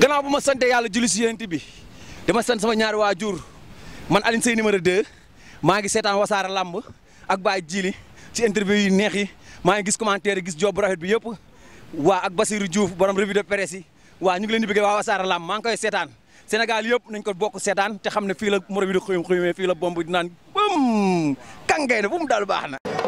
gannaaw bu ma santee yàlla julli si yéent bi dama sant sama ñaari waajur man Alioune Seye numéro 2 maa ngi seetaan wasaara làmb ak Baye Djili ci interview yi neex yi maa ngi gis commentaire gis job bu bi yëpp waa ak Basirou Diouf borom revue de presse yi waa ñu ngi leen bi bëgg waa wasaara lamb maa ngi koy seetaan Sénégal yëpp nañ ko bokk seetaan te xam ne fii la moro bi di xuyum xuyumee fii la bomb di naan kàngay na bu mu daal baax na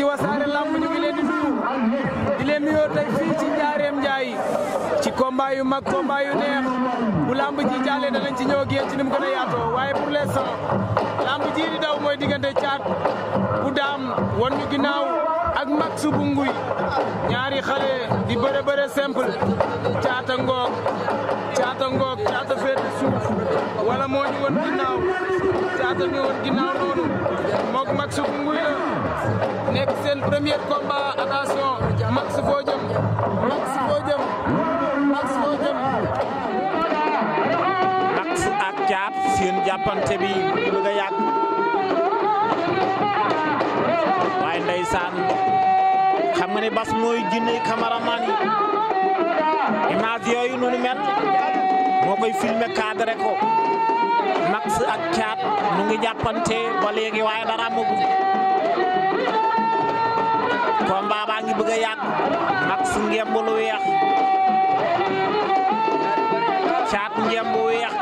ci wasaare lamb ñu ngi di nuyu di leen nuyoo tey fii ci njaareem njaay ci combat yu mag combat yu neex bu lamb ji jàllee danañ ci ñëw ak yéen ci mu gën a yaatoo waaye pour l'instant lamb ji di daw mooy diggante caat bu daam won ñu ginnaaw ak mag su nguy ñaari xale di bëre bëre simple caata ngoog caata ngoog caata suuf wala moo ñu won ginnaaw caata ñu won ginnaaw noonu moog mag su nguy la nekk seen premier combat attention max foo jëm max foo jëm max ak caat seen jàppante bi bëgg a yàgg waaye ndeysaan xam nga bas mooy jinne cameraman yi image yooyu nu mel moo koy filmé cadré ko max ak caat mu ngi jàppante ba léegi waaye dara amagul combat baa ngi bëgg a yàgg Max ngemb lu weex Caat ngemb weex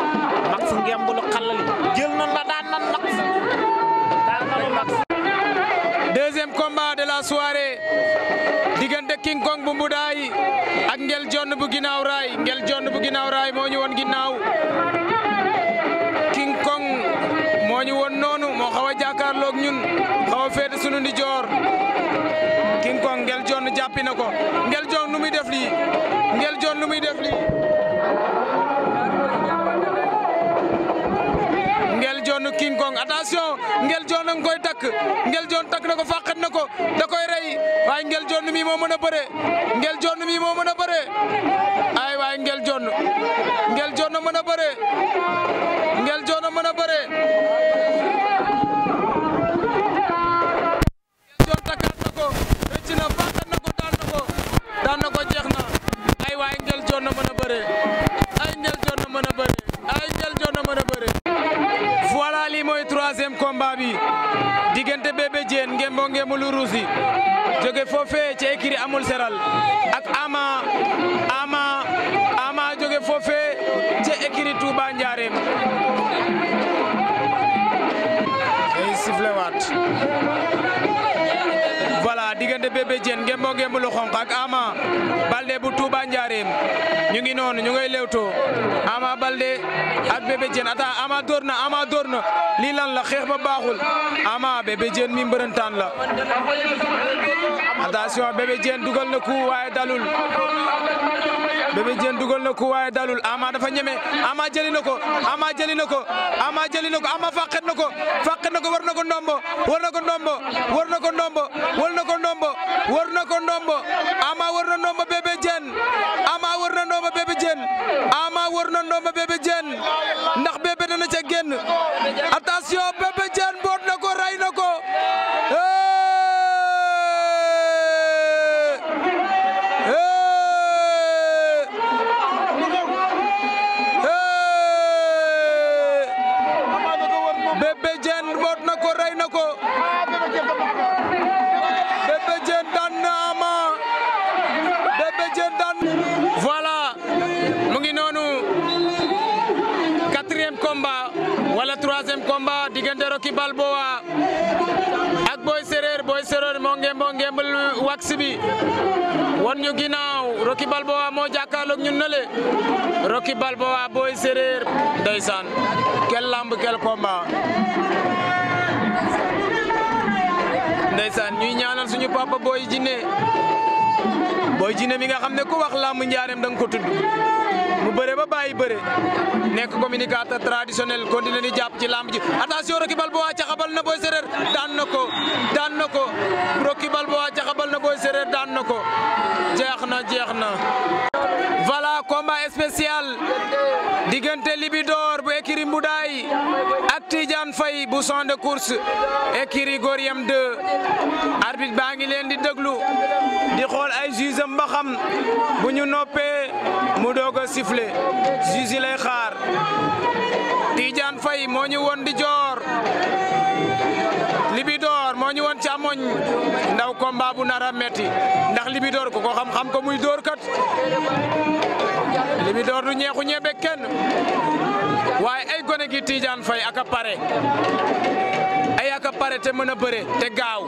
Max ngemb lu xalali jël nan la daan nan Max daan nan Max deuxième combat de la soirée diggante King bu Mbudaay ak Ngel Jonn bu ginnaaw raay moo ñu woon ginnaaw King moo ñu woon noonu moo xaw a jàkkaarloog ñun xaw a sunu ndijoor am ko Nguel Dione jàppi na ko Nguel Dione nu muy def lii Nguel Dione muy def lii Nguel Dione King nga koy takk Nguel Dione takk na ko fàqat na ko da koy rey waaye Nguel Dione mii moo mën a bëre Nguel Dione mii voilà diggante Bébé Diène ngemboo ngemb lu Ama Balde bu Touba Njaareem ñu ngi noonu ñu ngay lewtoo Ama Balde ak Bébé ata Ama dóor na Ama dóor na la xeex ba baaxul Ama Bébé Diène mi la attention Bébé Diène dugal na ku waaye dalul Bébé Diène dugal na ko waaye dalul Ama dafa ñeme Ama jëli na ko Ama jëli na ko Ama jëli na ko Ama na ko fàqet na ko war na ko ndombo war na ko ndombo war na ko ndombo war na ko ndombo war na ko ndombo Ama war na ndombo Bébé na ndombo Bébé Diène Ama war na ndombo Bébé ndax bébé combat wala troisième combat diggante Rocky Balboa ak Boy Séréer Boy Séréer moo ngemb moo ngembal won ñu ginnaaw Rocky Balboa moo jàkkaarloog ñun nële Rocky Balboa Boy Séréer ndeysaan quel lamb quel combat ndeysaan ñuy ñaanal suñu papa Boy Djiné Boy Djiné mi nga xam ne ku wax lamb njaareem da nga ko tudd bëre ba bàyyi bëre nekk communicateur traditionnel continué di jàpp ci lamb ji attention Rocky Balboa caxabal na Boy Séréer daan na ko daan na ko Rocky Balboa caxabal na Boy Séréer daan na ko jeex na jeex na voilà combat spécial diggante Libidor bu écurie Mboudaay Tidiane Faye bu champ de course écurie Goriyam 2 arbitre baa ngi leen di déglu di xool ay juge am ba xam bu ñu noppee mu doog a sifflé juge yi xaar Tidiane Faye moo ñu woon di joor Libidor moo ñu woon càmmoñ ndaw combat bu nar a metti ndax Libidor ku ko xam-xam ko muy dóor kat Libidor du ñeexu ñebe kenn waaye ay gi Tidiane Faye pare pare te mën a bëre te gaaw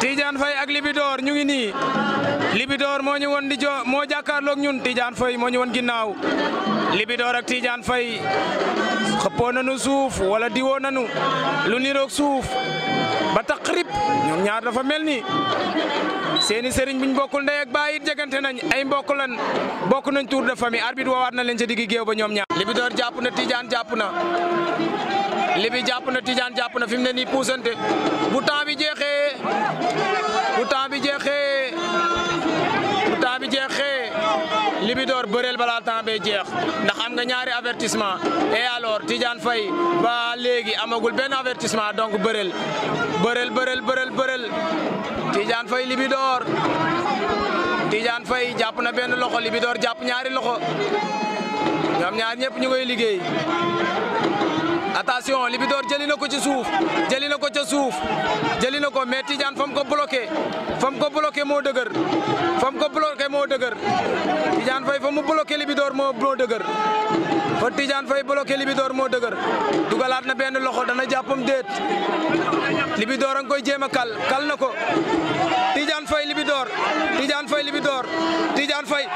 Tidiane Faye ak Libidor ñu ngi nii Libidor moo ñu won di jo moo jàkkaarloog ñun Tidiane Faye moo ñu won ginnaaw Libidor ak tiijaan fay xëppoo nañu suuf wala diwoo nanu lu niroog suuf ba tax rib ñoom ñaar dafa mel ni seeni sëriñ buñ bokkul ndey ak baay it jegante nañ ay mbokk lan bokk nañ tour de famille arbitre woowaat na leen ca diggi géew ba ñoom ñaar Libidor jàpp na Tidiane jàpp li bi jàpp na Tidiane jàpp na fi mu ne nii puusante bu temps bi jeexee bu temps bi jeexee bi jeexee li door bëreel balaa temps bee jeex ndax am nga ñaari avertissement et alors Tidiane Faye ba léegi amagul benn avertissement donc bëreel bëreel bëreel bëreel bëreel Tidiane Faye li bi door Tidiane Faye jàpp na benn loxo li bi door jàpp ñaari loxo ñoom ñaar ñëpp ñu koy liggéey. attention Libidor jëli na ko ci suuf jëli na ko ca suuf jëli na ko mais Tidiane fam ko bloqué fam ko bloqué moo dëgër fam ko bloqué moo dëgër Tidiane Faye fa mu bloqué Libidor moo moo dëgër fa Tidiane Faye bloqué Libidor moo dëgër dugalaat na benn loxo dana jàppam déet Libidor a ngi koy jéem a kal kal na ko Tidiane Faye Libidor Tidiane Faye Libidor Tidiane Faye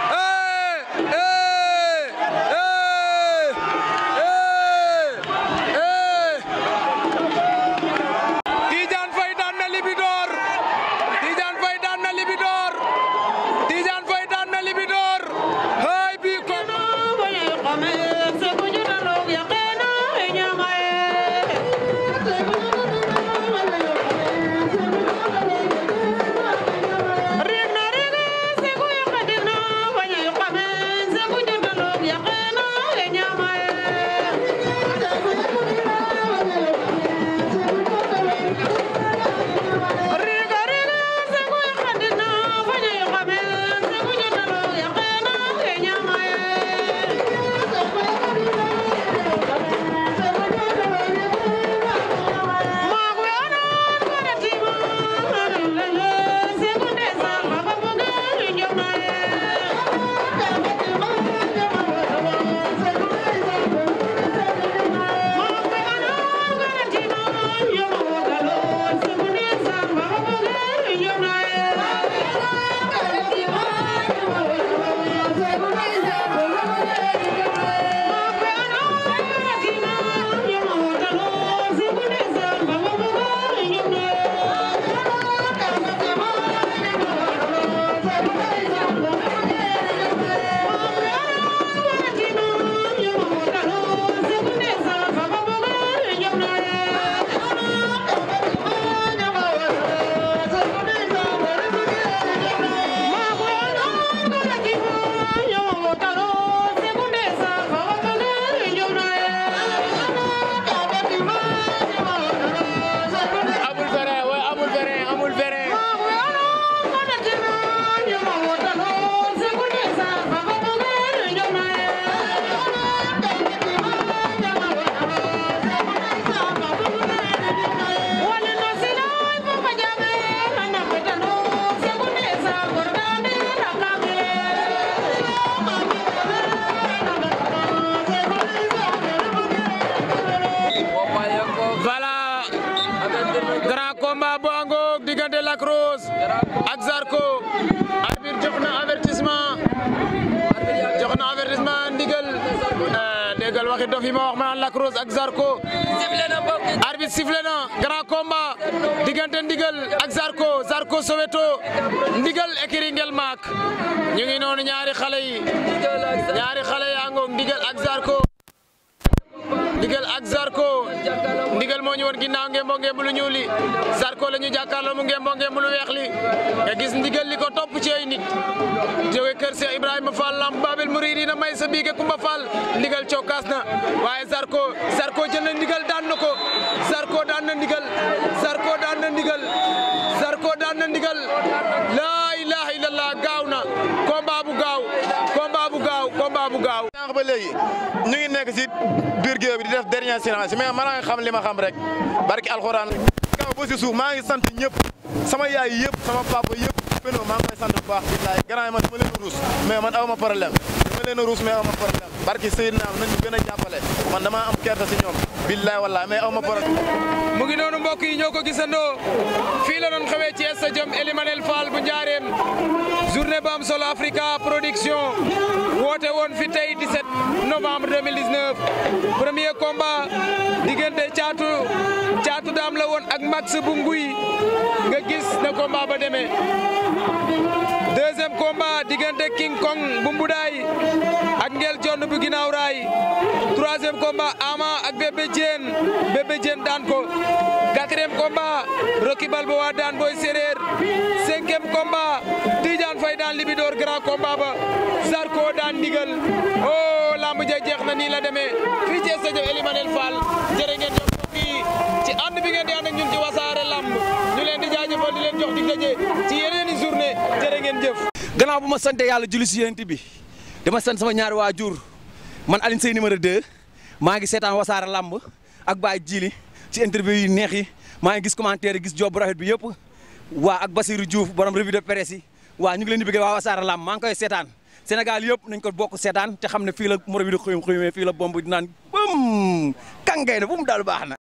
déggal waxi dof ma wax ma Lac ak Zarko. sifle na bokk. arbitre sifle na grand combat diggante ndigal ak Zarko Zarko Soweto ndigal écurie Ngelmaak ñu ngi noonu ñaari xale yi ñaari xale yaa ak Zarko. Ndigal ak Zarko Ndigal moo ñu woon ginnaaw ngembo ngembu lu li Zarko la ñu jàkkaarloo mu ngembo ngembu lu weex gis Ndigal li ko topp ci ay nit jóge kër Cheikh Ibrahima Fall lamb Babel Mouridina may sa biige Kumba Fall Ndigal cokkaas na waaye Zarko Zarko jël na Ndigal daan na ko Zarko daan na Ndigal Zarko daan na Ndigal laa ilaaha gaaw na ba léegi nekk si biir géew di def dernier silence mais man maa ngi xam li ma xam rek barki alxuraan kaw ba si suuf maa ngi sant ñëpp sama yaay yëpp sama papa yëpp peno maa ngi koy sant bu baax billaay grand yi man dama leen a ruus mais man aw ma problème dama leen a ruus mais aw ma problème barki Seydina nañu gën a jàppale man dama am kerta si ñoom billaay wallaay mais aw ma problème mu ngi noonu yi ñoo ko gisandoo fii la xewee ci stade Ely Manel Fall bu Njaareem journée novembre 2019 premier combat diggante caatu caatu daam la woon ak max bu nguy nga gis na combat ba demee deuxième combat diggante King Kong bu Mbudaay Ngel Jonn bu raay troisième combat Ama ak Bébé Diène Bébé Diène daan ko quatrième combat Rocky Balboa daan Boy Séeréer Franc Libidor grand combat ba Zarko daan ndigal oh làmb ja jeex na nii la demee fii ci stade Elimanel Fall jërë ngeen jëf mbokk ci ànd bi ngeen di ànd ak ñun ci wasaare lamb ñu leen di jaajëfal i journée jërë ngeen jëf. gannaaw bu ma sante yàlla julli si yéen bi dama sant sama ñaari waajur man Alioune Seye numéro 2 maa ngi seetaan wasaare làmb ak Baye Djili ci interview yu neex yi maa ngi gis commentaire yi gis job bu rafet bi yëpp waa ak Basirou Diouf borom revue de presse yi. waaw ñu ngi leen di bëgg waa Wassare Lamb maa ngi koy seetaan Sénégal yëpp nañ ko bokk seetaan te xam ne fii la morom yi di xuyum xuyumee fii la bomb di naan bum kàngay na bu daal baax na